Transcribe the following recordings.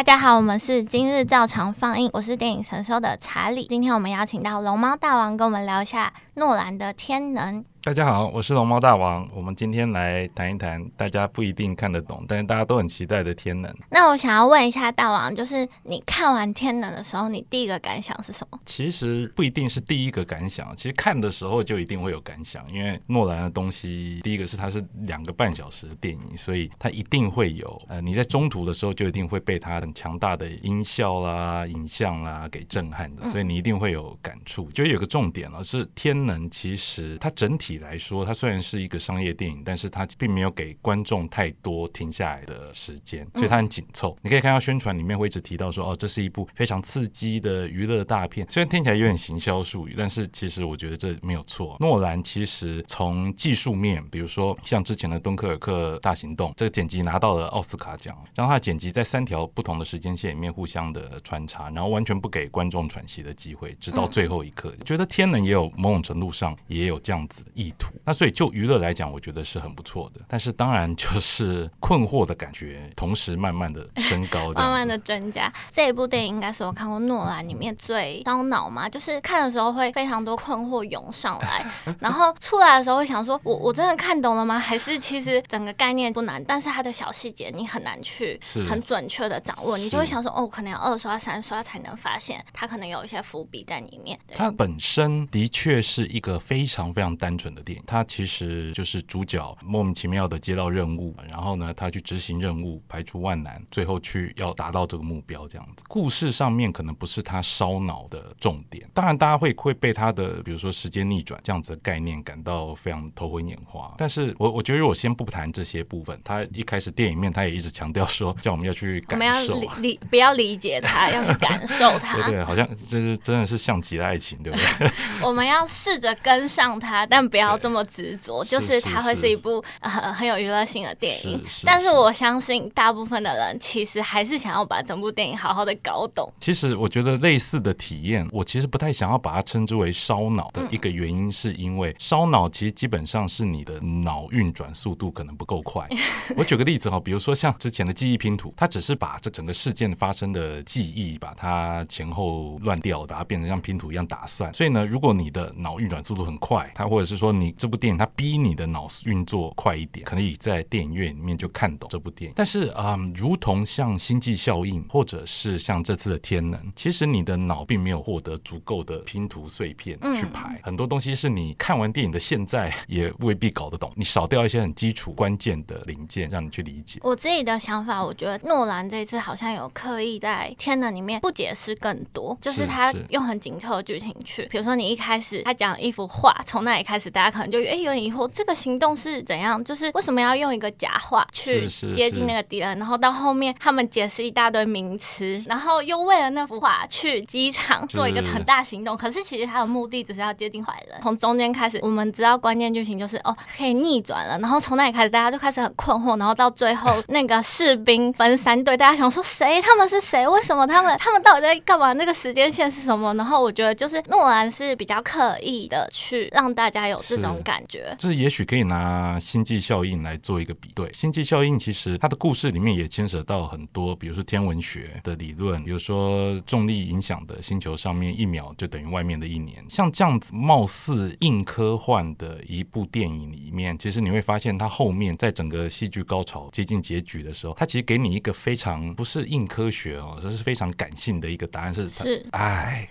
大家好，我們是今日照常放映。我是電影神搜的查理，今天我們邀請到龍貓大王跟我們聊一下諾蘭的《天能》。大家好，我是龍貓大王。我們今天來談一談大家不一定看得懂，但是大家都很期待的《天能》。那我想要問一下大王，就是你看完《天能》的時候，你第一個感想是什麼？其實不一定是第一個感想，其實看的時候就一定會有感想。因為諾蘭的東西，第一個是它是兩個半小時的電影，所以它一定會有。呃，你在中途的時候就一定會被它很強大的音效啦、影像啦給震撼的，所以你一定會有感觸。嗯，就有個重點了，是《天能》其實它整體來說，它雖然是一個商業電影，但是它並沒有給觀眾太多停下來的時間，所以它很緊湊。嗯、你可以看到宣傳裡面會一直提到說，哦，這是一部非常刺激的娛樂大片。雖然聽起來有點行銷術語，但是其實我覺得這沒有錯。諾蘭其實從技術面，比如說像之前的《敦刻爾克》大行動，這個剪輯拿到了奧斯卡獎，讓他剪輯在三條不同的時間線裡面互相的穿插，然後完全不給觀眾喘息的機會，直到最後一刻。嗯、覺得《天能》也有某種程度上也有這樣子意圖。那所以就娛樂來講，我覺得是很不錯的。但是當然就是困惑的感覺，同時慢慢的升高，慢慢的增加。這一部電影應該是我看過諾蘭裡面最燒腦嘛，就是看的時候會非常多困惑湧上來， 然後出來的時候會想說，我我真的看懂了嗎？還是其實整個概念不難，但是它的小細節你很難去很準確的掌握，是你就會想說，哦，可能要二刷三刷才能發現它可能有一些伏筆在裡面。它本身的確是一個非常非常單純。的電影，它其實就是主角莫名其妙的接到任務，然後呢，他去執行任務，排除萬難，最後去要達到這個目標，這樣子。故事上面可能不是他燒腦的重點，當然大家會會被他的，比如說時間逆轉這樣子的概念感到非常頭昏眼花。但是我我覺得我先不談這些部分。他一開始電影面他也一直強調說，叫我們要去感受，我們要理，理不要理解他， 要去感受他。 對，對，對，好像這是真的是像極了愛情，對不對？ 我們要試着跟上他，但不要。不要這麼執着，對就是它會是一部很、呃、很有娛樂性的電影。是是是但是我相信大部分的人其實還是想要把整部電影好好的搞懂。其實我覺得類似的體驗，我其實不太想要把它稱之為燒腦的一個原因，是因為燒腦其實基本上是你的腦運轉速度可能不夠快。 我舉個例子哈、哦，比如說像之前的記憶拼圖，它只是把這整個事件發生的記憶把它前後亂掉，把它變成像拼圖一樣打散。所以呢，如果你的腦運轉速度很快，它或者是說你這部電影它逼你的腦運作快一點，可能你在電影院裡面就看懂這部電影。但是，嗯、呃，如同像《星際效應》或者是像這次的《天能》，其實你的腦並沒有獲得足夠的拼圖碎片去排，嗯、很多東西是你看完電影的現在也未必搞得懂。你少掉一些很基礎關鍵的零件，讓你去理解。我自己的想法，我覺得諾蘭這次好像有刻意在《天能》裡面不解釋更多，是就是他用很緊湊的劇情去，比如說你一開始他講一幅畫，從那裡開始帶。大家可能就、欸、有點疑惑，這個行動是怎樣？就是為什麼要用一個假話去接近那個敵人？是是是，然後到後面他們解釋一大堆名詞，然後又為了那幅畫去機場做一個很大行動。是是，可是其實他的目的只是要接近壞人。從中間開始，我們知道關鍵劇情就是哦可以逆轉了。然後從那裡開始，大家就開始很困惑。然後到最後 那個士兵分三隊，大家想說，誰？他們是誰？為什麼他們？他們到底在幹嘛？那個時間線是什麼？然後我覺得就是諾蘭是比較刻意的去讓大家有。是這種感覺，這也許可以拿《星際效應》來做一個比對。《星際效應》其實它的故事裡面也牽扯到很多，比如說天文學的理論，比如說重力影響的星球上面一秒就等於外面的一年。像這樣子，貌似硬科幻的一部電影裡面，其實你會發現，它後面在整個戲劇高潮接近結局的時候，它其實給你一個非常不是硬科學哦，這、就是非常感性的一個答案，是是愛，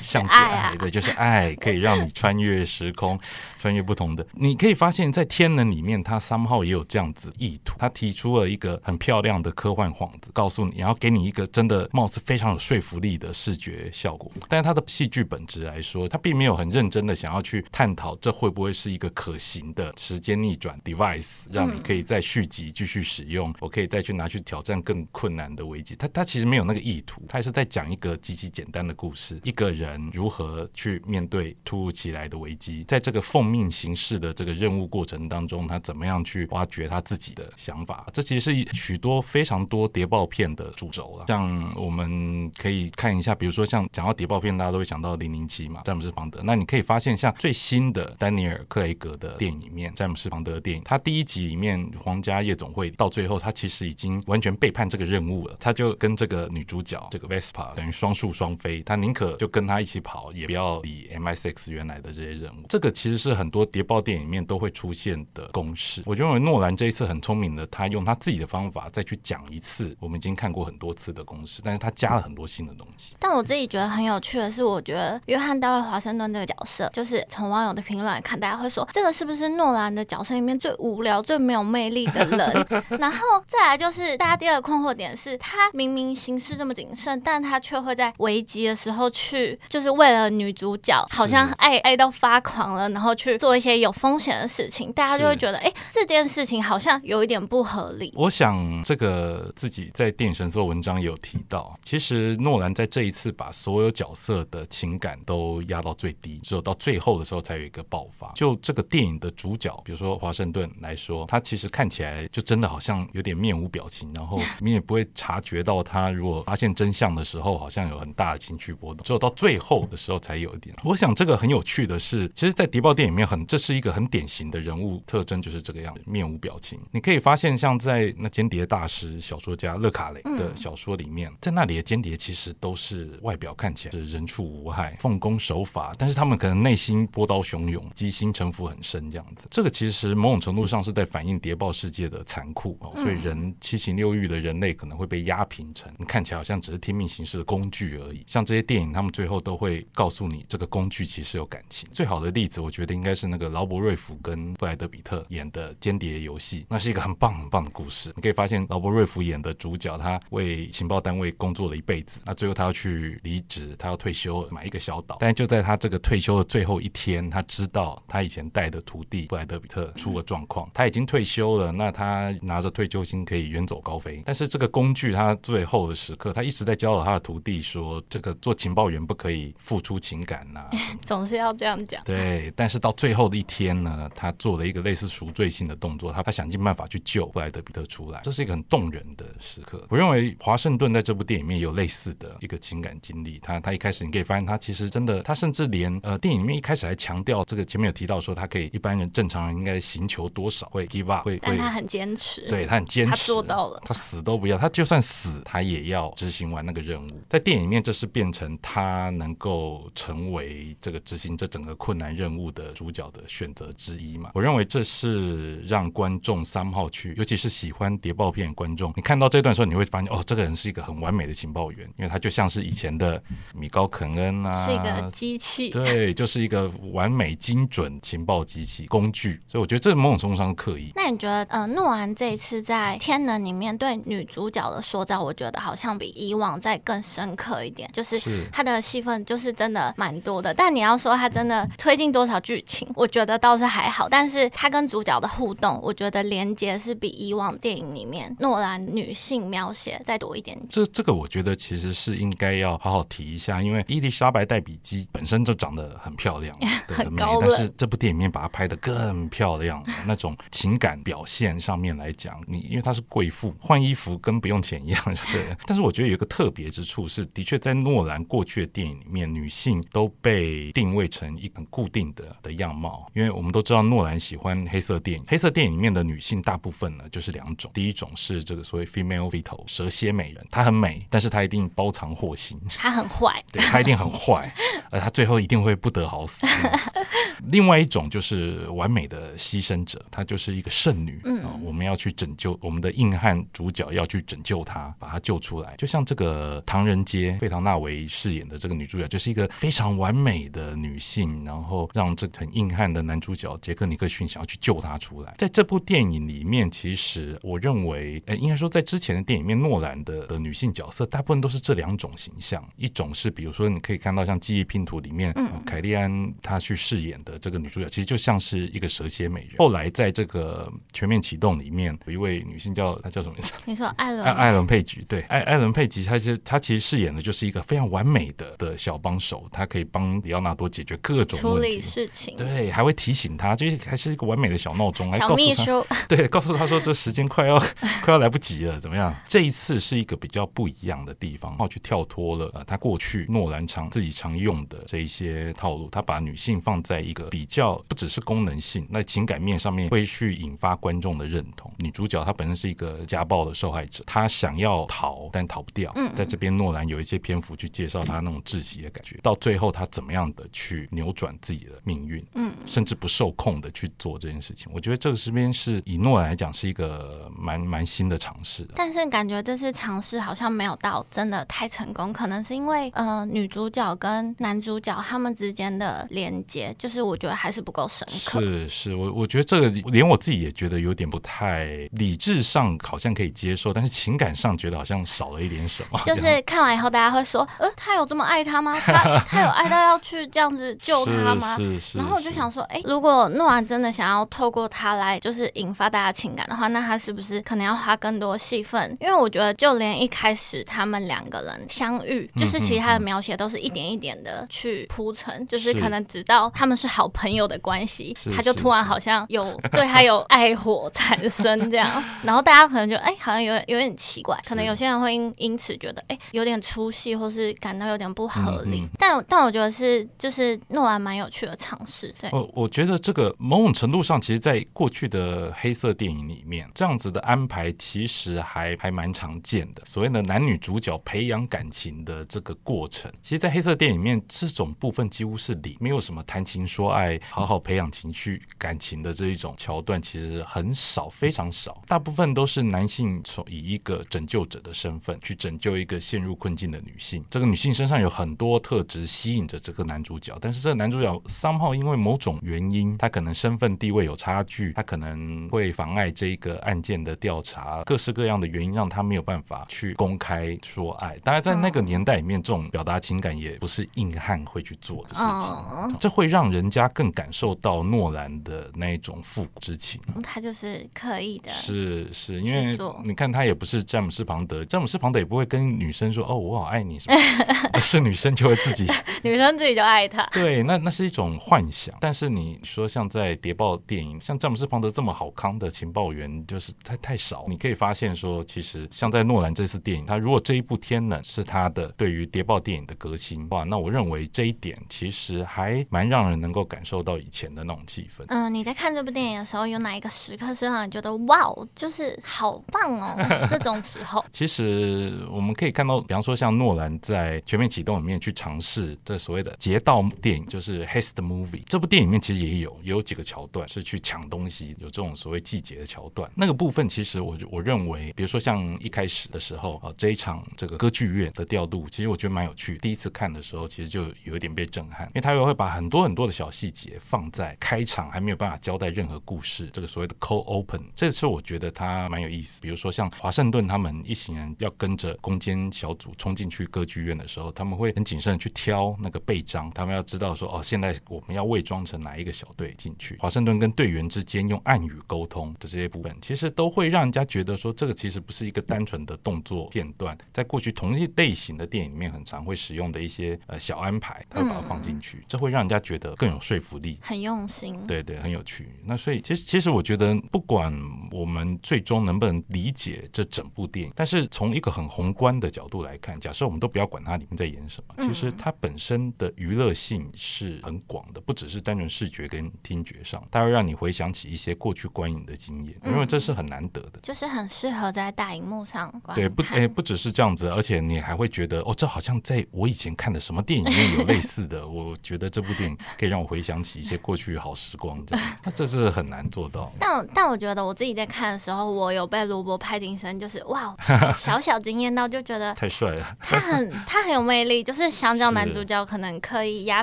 像是 向愛，對，就是愛可以讓你穿越時空。 穿越不同的，你可以發現在《天能》裡面，他三號也有這樣子意圖，他提出了一個很漂亮的科幻幌子，告訴你，然後給你一個真的貌似非常有說服力的視覺效果。但是他的戲劇本質來說，他並沒有很認真的想要去探討這會不會是一個可行的時間逆轉 device，讓你可以再續集繼續使用，我可以再去拿去挑戰更困難的危機。他他其實沒有那個意圖，他還是在講一個極其簡單的故事，一個人如何去面對突如其來的危機，在這個。奉命行事的這個任務過程當中，他怎麼樣去挖掘他自己的想法？這其實是許多非常多諜報片的主軸了、啊。像我們可以看一下，比如說像講到諜報片，大家都會想到《零零七》嘛，詹姆斯·邦德。那你可以發現，像最新的丹尼爾·克雷格的電影裡面，詹姆斯·邦德的電影，他第一集裡面皇家夜總會到最後，他其實已經完全背叛這個任務了。他就跟這個女主角這個 Vesper 等於雙宿雙飛，他寧可就跟他一起跑，也不要理 MI6 原來的這些任務。這個其其實是很多諜報電影裡面都會出現的公式。我認為諾蘭這一次很聰明的，他用他自己的方法再去講一次我們已經看過很多次的公式，但是他加了很多新的東西。但我自己覺得很有趣的是，我覺得約翰·大衛·華盛頓這個角色，就是從網友的評論來看，大家會說這個是不是諾蘭的角色裡面最無聊、最沒有魅力的人？ 然後再來就是大家第二個困惑點是，他明明行事這麼謹慎，但他卻會在危急的時候去，就是為了女主角，好像愛愛到發狂了。然後去做一些有風險的事情，大家就會覺得，哎是，這件事情好像有一點不合理。我想，這個自己在電影神搜文章有提到，其實諾蘭在這一次把所有角色的情感都壓到最低，只有到最後的時候才有一個爆發。就這個電影的主角，比如說華盛頓來說，他其實看起來就真的好像有點面無表情，然後你也不會察覺到他如果發現真相的時候，好像有很大的情緒波動，只有到最後的時候才有一點。我想，這個很有趣的是，其實，在迪到電影裡面很，這是一個很典型的人物特徵，就是這個樣子，面無表情。你可以發現，像在那《間諜大師》小說家勒卡雷的小說裡面，在那裡的間諜其實都是外表看起來是人畜無害、奉公守法，但是他們可能內心波濤洶湧、機心城府很深這樣子。這個其實某種程度上是在反映諜報世界的殘酷哦。所以人七情六慾的人類可能會被壓平成，你看起來好像只是聽命行事的工具而已。像這些電影，他們最後都會告訴你，這個工具其實有感情。最好的例子，我。覺得應該是那個勞勃瑞福跟布萊德比特演的間諜遊戲，那是一個很棒很棒的故事。你可以發現勞勃瑞福演的主角，他為情報單位工作了一輩子，那最後他要去離職，他要退休買一個小島。但就在他這個退休的最後一天，他知道他以前帶的徒弟布萊德比特出了狀況，嗯、他已經退休了，那他拿着退休金可以遠走高飛。但是這個工具，他最後的時刻，他一直在教導他的徒弟說：“這個做情報員不可以付出情感吶、啊，總是要這樣講。”對，但。但是到最後的一天呢，他做了一個類似贖罪性的動作，他他想盡辦法去救布萊德比特出來，這是一個很動人的時刻。我認為華盛頓在這部電影裡面有類似的一個情感經歷。他他一開始你可以發現，他其實真的，他甚至連呃電影裡面一開始還強調這個前面有提到說，他可以一般人正常人應該刑求多少會 give up 會，會，他很堅持，對，他很堅持，他做到了，他死都不要，他就算死他也要執行完那個任務。在電影裡面這是變成他能夠成為這個執行這整個困難任務的。的主角的選擇之一嘛，我認為這是讓觀眾三號去，尤其是喜歡諜報片的觀眾，你看到這段時候，你會發現哦，這個人是一個很完美的情報員，因為他就像是以前的米高肯恩啊，是一個機器，對，就是一個完美精準情報機器工具，所以我覺得這某種程度上是刻意。那你覺得呃，呃諾蘭這一次在《天能》裡面對女主角的塑造，我覺得好像比以往再更深刻一點，就是他的戲份就是真的蠻多的，但你要說他真的推進多少？劇情我覺得倒是還好，但是他跟主角的互動，我覺得連接是比以往電影裡面諾蘭女性描寫再多一點點。這這個我覺得其實是應該要好好提一下，因為伊莉莎白戴比基本身就長得很漂亮，對，很高冷，但是這部電影裡面把它拍得更漂亮。 那種情感表現上面來講，你因為她是貴婦，換衣服跟不用錢一樣，對。 但是我覺得有一個特別之處是，的確在諾蘭過去的電影裡面，女性都被定位成一個固定的。的樣貌，因為我們都知道諾蘭喜歡黑色電影，黑色電影裡面的女性大部分呢就是兩種，第一種是這個所謂 femme fatale 蛇蠍美人，她很美，但是她一定包藏禍心，她很壞， 對她一定很壞，而她最後一定會不得好死。 另外一種就是完美的犧牲者，她就是一個聖女，嗯、我們要去拯救我們的硬漢主角要去拯救她，把她救出來。就像這個唐人街費唐納維飾演的這個女主角，就是一個非常完美的女性，然後讓這很硬漢的男主角傑克·尼克遜想要去救她出來。在這部電影裡面，其實我認為，哎，應該說在之前的電影裡面，諾蘭的的女性角色大部分都是這兩種形象。一種是，比如說你可以看到像《記憶拼圖》裡面，凱莉安她去飾演的這個女主角，其實就像是一個蛇蠍美人。後來在這個《全面啟動》裡面，有一位女性叫她叫什麼名字？你說艾倫、啊？艾艾倫佩吉對，艾艾倫佩吉，她其實她其實飾演的就是一個非常完美的的小幫手，她可以幫李奧納多解決各種問題。請對，還會提醒他，這還是一個完美的小鬧鐘，還告訴他。對，告訴他說這時間快要 快要來不及了，怎麼樣？ 這一次是一個比較不一樣的地方，然後去跳脫了、呃、他過去諾蘭常自己常用的這一些套路。他把女性放在一個比較不只是功能性，那情感面上面會去引發觀眾的認同。女主角她本身是一個家暴的受害者，她想要逃，但逃不掉。嗯，在這邊諾蘭有一些篇幅去介紹她那種窒息的感覺，嗯、到最後她怎麼樣的去扭轉自己的命。命運，嗯，甚至不受控的去做這件事情，嗯、我覺得這個身邊是以諾蘭來講是一個蠻蠻新的嘗試。但是感覺這次嘗試好像沒有到真的太成功，可能是因為呃，女主角跟男主角他們之間的連接，就是我覺得還是不夠深刻。是，是我我覺得這個連我自己也覺得有點不太理智上好像可以接受，但是情感上覺得好像少了一點什麼。 就是看完以後，大家會說，呃，他有這麼愛他嗎？他 他有愛到要去這樣子救他嗎？是是是。是是然後我就想說，哎、欸，如果諾蘭真的想要透過他來，就是引發大家情感的話，那他是不是可能要花更多戲份？因為我覺得，就連一開始他們兩個人相遇，嗯嗯，就是其實他的描寫都是一點一點的去鋪陳，是就是可能直到他們是好朋友的關係，是是是是他就突然好像有對，他有愛火產生這樣。 然後大家可能就哎、欸，好像有有點奇怪，可能有些人會因因此覺得哎、欸，有點出戲，或是感到有點不合理。嗯嗯但但我覺得是就是諾蘭蠻有趣的場。是，對。我、呃、我覺得這個某種程度上，其實在過去的黑色電影裡面，這樣子的安排其實還還蠻常見的。所謂的男女主角培養感情的這個過程，其實，在黑色電影裡面，這種部分幾乎是零，沒有什麼談情說愛、好好培養情緒感情的這一種橋段，其實很少，非常少。大部分都是男性從以一個拯救者的身份去拯救一個陷入困境的女性。這個女性身上有很多特質吸引着這個男主角，但是這個男主角三號。因為某種原因，他可能身份地位有差距，他可能會妨礙這一個案件的調查，各式各樣的原因讓他沒有辦法去公開說愛。當然，在那個年代裡面，嗯、這種表達情感也不是硬漢會去做的事情，哦、這會讓人家更感受到諾蘭的那一種父母之情、嗯。他就是刻意的，是是，因為你看他也不是詹姆斯龐德，詹姆斯龐德也不會跟女生說，哦，我好愛你，什麼是， 是女生就會自己 ，女生自己就愛他。對，那那是一種。幻想，但是你說像在諜報電影，像詹姆斯·邦德這麼好康的情報員，就是太太少。你可以發現說，其實像在諾蘭這次電影，他如果這一部《天能》是他的對於諜報電影的革新，哇，那我認為這一點其實還蠻讓人能夠感受到以前的那種氣氛。嗯、呃，你在看這部電影的時候，有哪一個時刻是讓你覺得哇，就是好棒哦？ 這種時候，其實我們可以看到，比方說像諾蘭在《全面啟動》裡面去嘗試這所謂的劫盜電影，就是 Heist Movie 的這部電影裡面其實也有也有幾個橋段是去搶東西，有這種所謂季節的橋段。那個部分其實我我認為，比如說像一開始的時候，啊、哦，這一場這個歌劇院的調度，其實我覺得蠻有趣。第一次看的時候，其實就有一點被震撼，因為他又會把很多很多的小細節放在開場，還沒有辦法交代任何故事，這個所謂的 cold open，這次我覺得他蠻有意思。比如說像華盛頓他們一行人要跟着攻堅小組衝進去歌劇院的時候，他們會很謹慎去挑那個臂章，他們要知道說哦現在我。要偽裝成哪一個小隊進去？華盛頓跟隊員之間用暗語溝通的這些部分，其實都會讓人家覺得說，這個其實不是一個單純的動作片段。在過去同一類型的電影裡面很常會使用的一些呃小安排，他會把它放進去，嗯，這會讓人家覺得更有說服力，很用心。對對，很有趣。那所以，其實其實我覺得，不管我們最終能不能理解這整部電影，但是從一個很宏觀的角度來看，假設我們都不要管它裡面在演什麼，其實它本身的娛樂性是很廣的。不只是單純視覺跟聽覺上，它會讓你回想起一些過去觀影的經驗，因為這是很難得的，嗯、就是很適合在大熒幕上觀。對，不，哎，不只是這樣子，而且你還會覺得，哦，這好像在我以前看的什麼電影裡面有類似的。 我覺得這部電影可以讓我回想起一些過去好時光，這樣。那這是很難做到。但但我覺得我自己在看的時候，我有被羅伯派汀森，就是哇，小小驚艷到，就覺得 太帥了。 他很他很有魅力，就是相較男主角可能刻意壓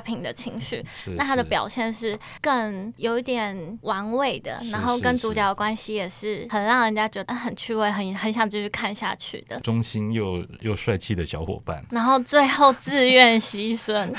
平的情緒。是是他的表現是更有一點玩味的。是是是，然後跟主角的關係也是很讓人家覺得很趣味，很很想繼續看下去的。忠心又又帥氣的小夥伴，然後最後自願犧牲。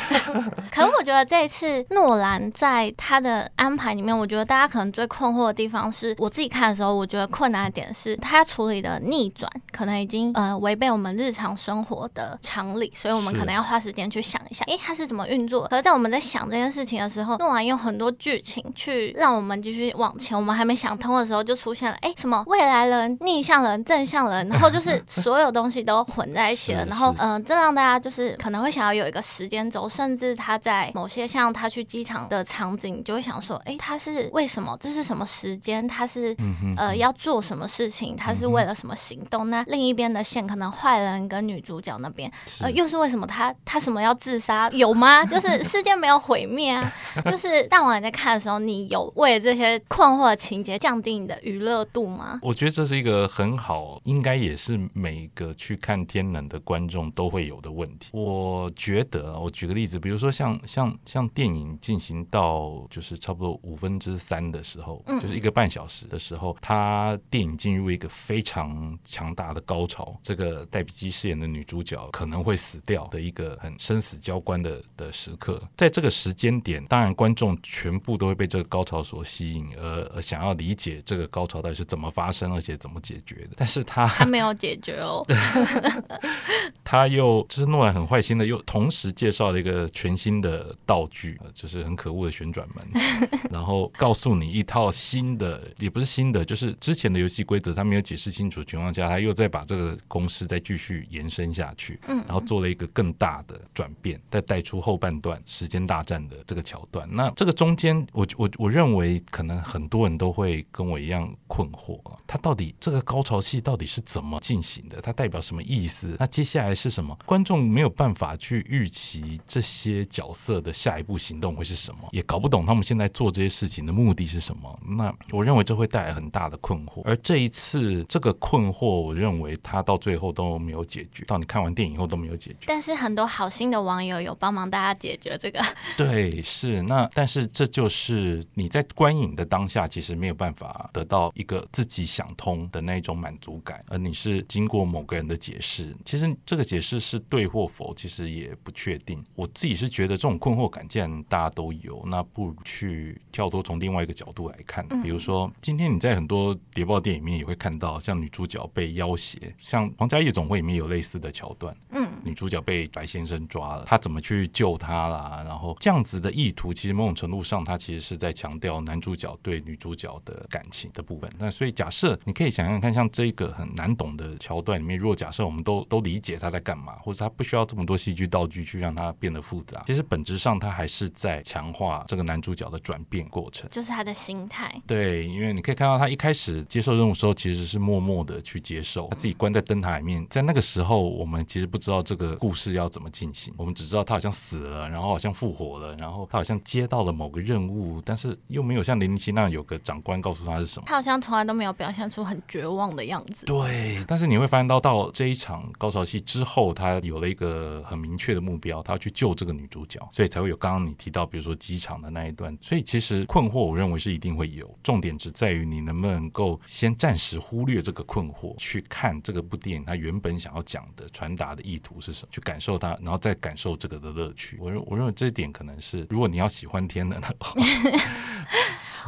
可是我覺得這一次諾蘭在他的安排裡面，我覺得大家可能最困惑的地方是，我自己看的時候，我覺得困難的點是，他處理的逆轉可能已經呃違背我們日常生活的常理，所以我們可能要花時間去想一下，哎是，他是怎麼運作的？可是在我們在想這件事情。的時候弄完用很多劇情去讓我們繼續往前，我們還沒想通的時候就出現了，哎，什麼未來人、逆向人、正向人，然後就是所有東西都混在一起了， 是然後嗯，這、呃、讓大家就是可能會想要有一個時間軸，甚至他在某些像他去機場的場景，就會想說，哎，他是為什麼？這是什麼時間？他是呃要做什麼事情？他是為了什麼行動？那另一邊的線，可能壞人跟女主角那邊，呃，又是為什麼他？他他什麼要自殺？有嗎？就是世界沒有毀滅啊。 就是大王你在看的時候，你有為這些困惑情節降低你的娛樂度嗎？我覺得這是一個很好，應該也是每個去看《天能》的觀眾都會有的問題。我覺得，我舉個例子，比如說像像像電影進行到就是差不多五分之三的時候，嗯、就是一個半小時的時候，他電影進入一個非常強大的高潮，這個戴比基飾演的女主角可能會死掉的一個很生死交關的的時刻，在這個時間點。當然，觀眾全部都會被這個高潮所吸引，而想要理解這個高潮到底是怎麼發生，而且怎麼解決的。但是他他沒有解決哦， 他又就是諾蘭很壞心的，又同時介紹了一個全新的道具，就是很可惡的旋轉門，然後告訴你一套新的，也不是新的，就是之前的遊戲規則，他沒有解釋清楚的情況下，他又再把這個公式再繼續延伸下去，然後做了一個更大的轉變，再帶出後半段時間大戰的這個。這個橋段，那這個中間我，我我我認為可能很多人都會跟我一樣困惑啊，他到底這個高潮戲到底是怎麼進行的？它代表什麼意思？那接下來是什麼？觀眾沒有辦法去預期這些角色的下一步行動會是什麼，也搞不懂他們現在做這些事情的目的是什麼。那我認為這會帶來很大的困惑。而這一次這個困惑，我認為他到最後都沒有解決，到你看完電影以後都沒有解決。但是很多好心的網友有幫忙大家解決這個，對。是那，但是這就是你在觀影的當下，其實沒有辦法得到一個自己想通的那一種滿足感，而你是經過某個人的解釋，其實這個解釋是對或否，其實也不確定。我自己是覺得這種困惑感既然大家都有，那不如去跳脫從另外一個角度來看，比如說、嗯、今天你在很多諜報電影裡面也會看到，像女主角被要挾，像《黃家夜總會》裡面有類似的橋段，嗯，女主角被白先生抓了，他怎麼去救她啦？然後這樣子的。意圖其實某種程度上，他其實是在強調男主角對女主角的感情的部分。那所以假設你可以想象看，像這一個很難懂的橋段裡面，如果假設我們都都理解他在幹嘛，或者他不需要這麼多戲劇道具去讓他變得複雜，其實本質上他還是在強化這個男主角的轉變過程，就是他的心態。對，因為你可以看到他一開始接受任務的時候，其實是默默的去接受，他自己關在燈塔裡面。在那個時候，我們其實不知道這個故事要怎麼進行，我們只知道他好像死了，然後好像復活了，然後。他好像接到了某個任務，但是又沒有像零零七那樣有個長官告訴他是什麼。他好像從來都沒有表現出很絕望的樣子。對，但是你會發現到到這一場高潮戲之後，他有了一個很明確的目標，他要去救這個女主角，所以才會有剛剛你提到，比如說機場的那一段。所以其實困惑，我認為是一定會有，重點只在於你能不能夠先暫時忽略這個困惑，去看這個部電影它原本想要講的、傳達的意圖是什麼，去感受它，然後再感受這個的樂趣。我認我認為這一點可能是。如果你要喜歡天能的話、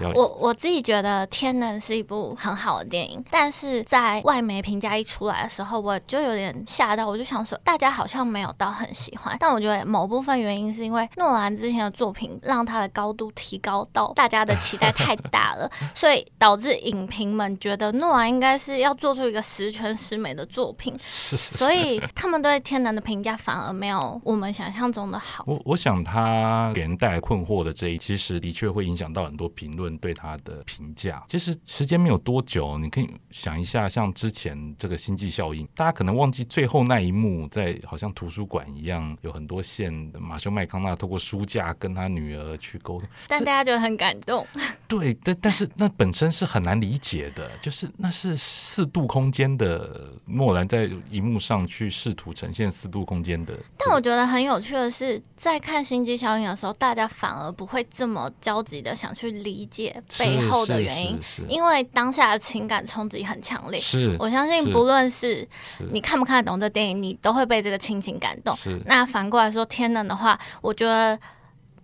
哦、 我我自己覺得《天能》是一部很好的電影，但是在外媒評價一出來的時候，我就有點嚇到，我就想說，大家好像沒有到很喜歡。但我覺得某部分原因是因為諾蘭之前的作品讓他的高度提高到大家的期待太大了， 所以導致影評們覺得諾蘭應該是要做出一個十全十美的作品，是是是，所以他們對《天能》的評價反而沒有我們想象中的好。我我想他帶來困惑的這一，其實的確會影響到很多評論對他的評價。其實時間沒有多久，你可以想一下，像之前這個《星際效應》，大家可能忘記最後那一幕，在好像圖書館一樣，有很多線的馬修麥康納透過書架跟他女兒去溝通，但大家覺得很感動。對，但 但是那本身是很難理解的，就是那是四度空間的諾蘭在熒幕上去試圖呈現四度空間的。但我覺得很有趣的是，在看《星際效應》的時候，大大家反而不會這麼焦急的想去理解背後的原因，是是是是因為當下的情感衝擊很強烈。是，是，我相信不論是你看不看得懂這電影，是是你都會被這個親情、情感動。是，是，那反過來說，《天能》的話，我覺得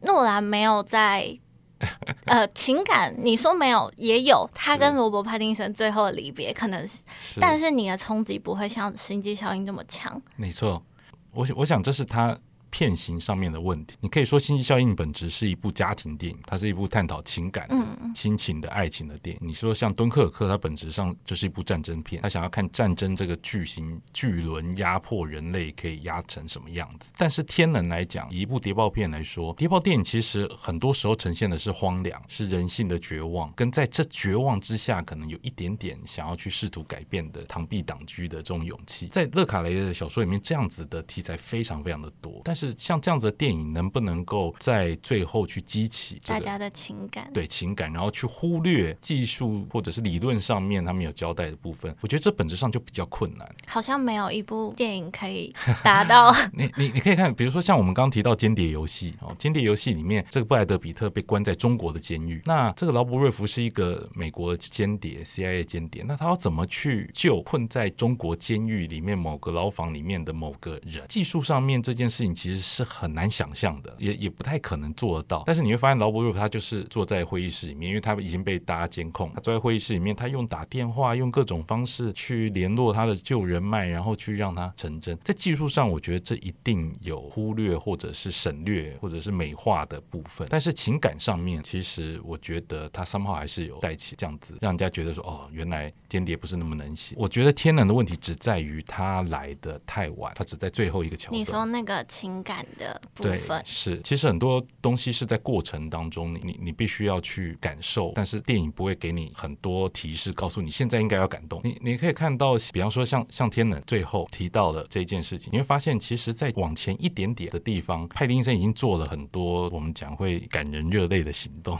諾蘭沒有在， 呃，情感你說沒有也有，他跟羅伯·帕丁森最後的離別，可能是，是是但是你的衝擊不會像《星際效應》這麼強。沒錯，我我想這是他。片型上面的問題，你可以說《星際效應》本質是一部家庭電影，它是一部探討情感的、親情的愛情的電影。你說像《敦刻爾克》，它本質上就是一部戰爭片，它想要看戰爭這個巨型巨輪壓迫人類可以壓成什麼樣子。但是天能來講，以一部諜報片來說，諜報電影其實很多時候呈現的是荒涼，是人性的絕望，跟在這絕望之下可能有一點點想要去試圖改變的螳臂擋車的這種勇氣。在勒卡雷的小說裡面，這樣子的題材非常非常的多，但是。像這樣子的電影，能不能夠在最後去激起大家的情感？對情感，然後去忽略技術或者是理論上面他們有交代的部分，我覺得這本質上就比較困難。好像沒有一部電影可以達到 你。你你你可以看，比如說像我們剛剛提到《間諜遊戲》哦，《間諜遊戲》裡面這個布萊德彼特被關在中國的監獄，那這個勞勃瑞福是一個美國間諜，CIA 間諜，那他要怎麼去救困在中國監獄裡面某個牢房裡面的某個人？技術上面這件事情其實。其實是很難想象的，也也不太可能做得到。但是你會發現，勞勃·魯他就是坐在會議室裡面，因為他已經被大家監控。他坐在會議室裡面，他用打電話，用各種方式去聯絡他的舊人脈，然後去讓他成真。在技術上，我覺得這一定有忽略，或者是省略，或者是美化的部分。但是情感上面，其實我覺得他 somehow 還是有帶起這樣子，讓人家覺得說，哦，原來間諜不是那麼能寫。我覺得天能的問題只在於他來的太晚，他只在最後一個橋段。你說那個情。感的部分是，其實很多東西是在過程當中你，你你你必須要去感受，但是電影不會給你很多提示，告訴你現在應該要感動。你你可以看到，比方說像像天能最後提到了這件事情，你會發現，其實在往前一點點的地方，派丁醫生已經做了很多我們講會感人熱淚的行動。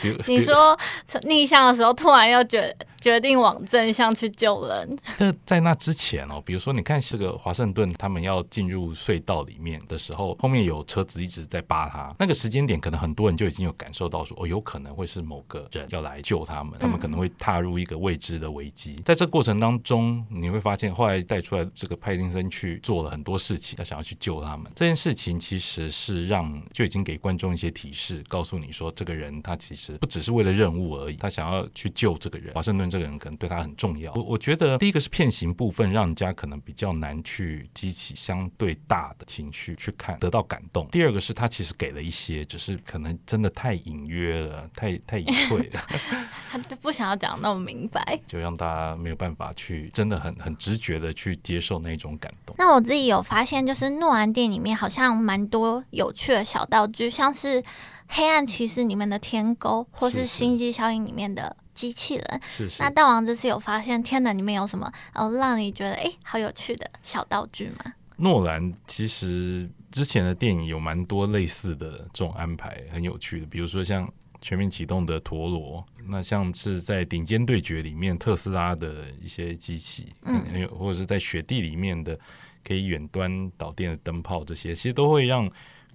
比如 你說逆向的時候，突然要決決定往正向去救人。那 在那之前哦，比如說你看這個華盛頓，他們要進入隧道裡面。的時候，後面有車子一直在扒他。那個時間點，可能很多人就已經有感受到說，哦，有可能會是某個人要來救他們。他們可能會踏入一個未知的危機。嗯。在這過程當中，你會發現後來帶出來這個派丁森去做了很多事情，他想要去救他們。這件事情其實是讓就已經給觀眾一些提示，告訴你說，這個人他其實不只是為了任務而已，他想要去救這個人。華盛頓這個人可能對他很重要。我我覺得第一個是片型部分，讓人家可能比較難去激起相對大的情緒。去去看得到感動。第二個是他其實給了一些，只是可能真的太隱約了，太太隱晦了。 他不想要講那麼明白， 就讓大家沒有辦法去，真的很很直覺的去接受那種感動。那我自己有發現，就是諾蘭電影裡面好像蠻多有趣的小道具，像是《黑暗騎士》裡面的天鉤，或是《星際效應》裡面的機器人。是，是那大王這次有發現，天能，裡面有什麼哦，讓你覺得哎、欸，好有趣的小道具嗎？諾蘭其實之前的電影有蠻多類似的這種安排，很有趣的，比如說像《全面啟動》的陀螺，那像是在《頂尖對決》裡面特斯拉的一些機器，嗯，還有或者是在雪地裡面的可以遠端導電的燈泡，這些其實都會讓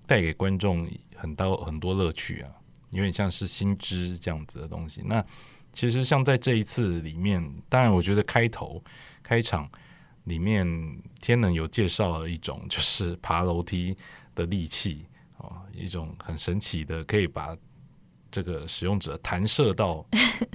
帶給觀眾很多很多樂趣啊，因為像是新知這樣子的東西。那其實像在這一次裡面，當然我覺得開頭開場。裡面，《天能》有介紹了一種，就是爬樓梯的利器啊，一種很神奇的，可以把。這個使用者彈射到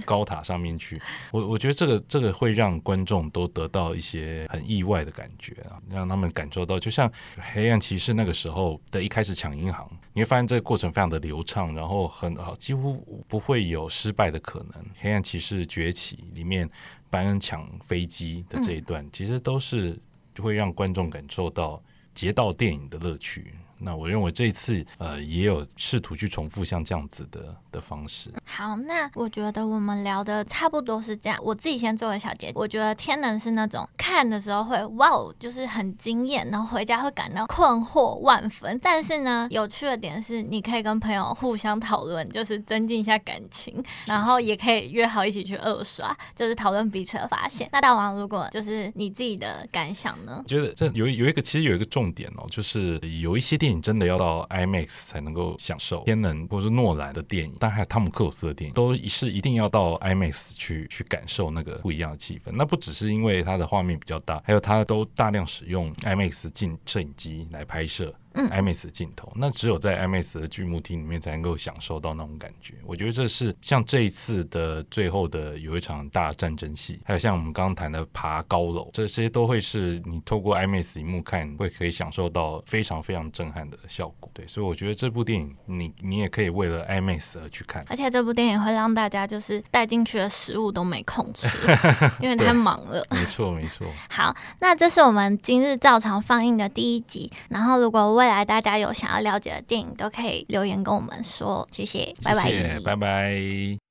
高塔上面去， 我我覺得這個這個會讓觀眾都得到一些很意外的感覺、啊，讓他們感受到，就像黑暗騎士那個時候的一開始搶銀行，你會發現這個過程非常的流暢，然後很好、啊，幾乎不會有失敗的可能。黑暗騎士崛起裡面，班恩搶飛機的這一段，嗯、其實都是會讓觀眾感受到劫盜電影的樂趣。那我認為這一次，呃，也有試圖去重複像這樣子的的方式。好，那我覺得我們聊的差不多是這樣，我自己先做個小結。我覺得天能是那種看的時候會哇哦，就是很驚艷，然後回家會感到困惑萬分。但是呢，有趣的點是，你可以跟朋友互相討論，就是增進一下感情，是是，然後也可以約好一起去二刷，就是討論彼此的發現。嗯、那大王，如果就是你自己的感想呢？我、嗯、覺得這有有一個其實有一個重點哦，就是有一些電。真的要到 IMAX 才能夠享受，天能或是諾蘭的電影，但還有湯姆克魯斯的電影，都一，是一定要到 IMAX 去去感受那個不一樣的氣氛。那不只是因為它的畫面比較大，還有它都大量使用 IMAX 進攝影機來拍攝。嗯，IMAX 的鏡頭，那只有在 IMAX 的巨幕廳裡面才能夠享受到那種感覺。我覺得這是像這一次的最後的有一場大戰爭戲，還有像我們剛剛談的爬高樓，這些都會是你透過 IMAX 螢幕看，會可以享受到非常非常震撼的效果。對，所以我覺得這部電影你，你你也可以為了 IMAX 而去看。而且這部電影會讓大家就是帶進去的食物都沒空吃， 因為太忙了。沒錯，沒錯。好，那這是我們今日照常放映的第一集。然後如果為來，大家有想要了解的電影都可以留言跟我們說，謝謝，謝謝拜拜，謝謝，拜拜。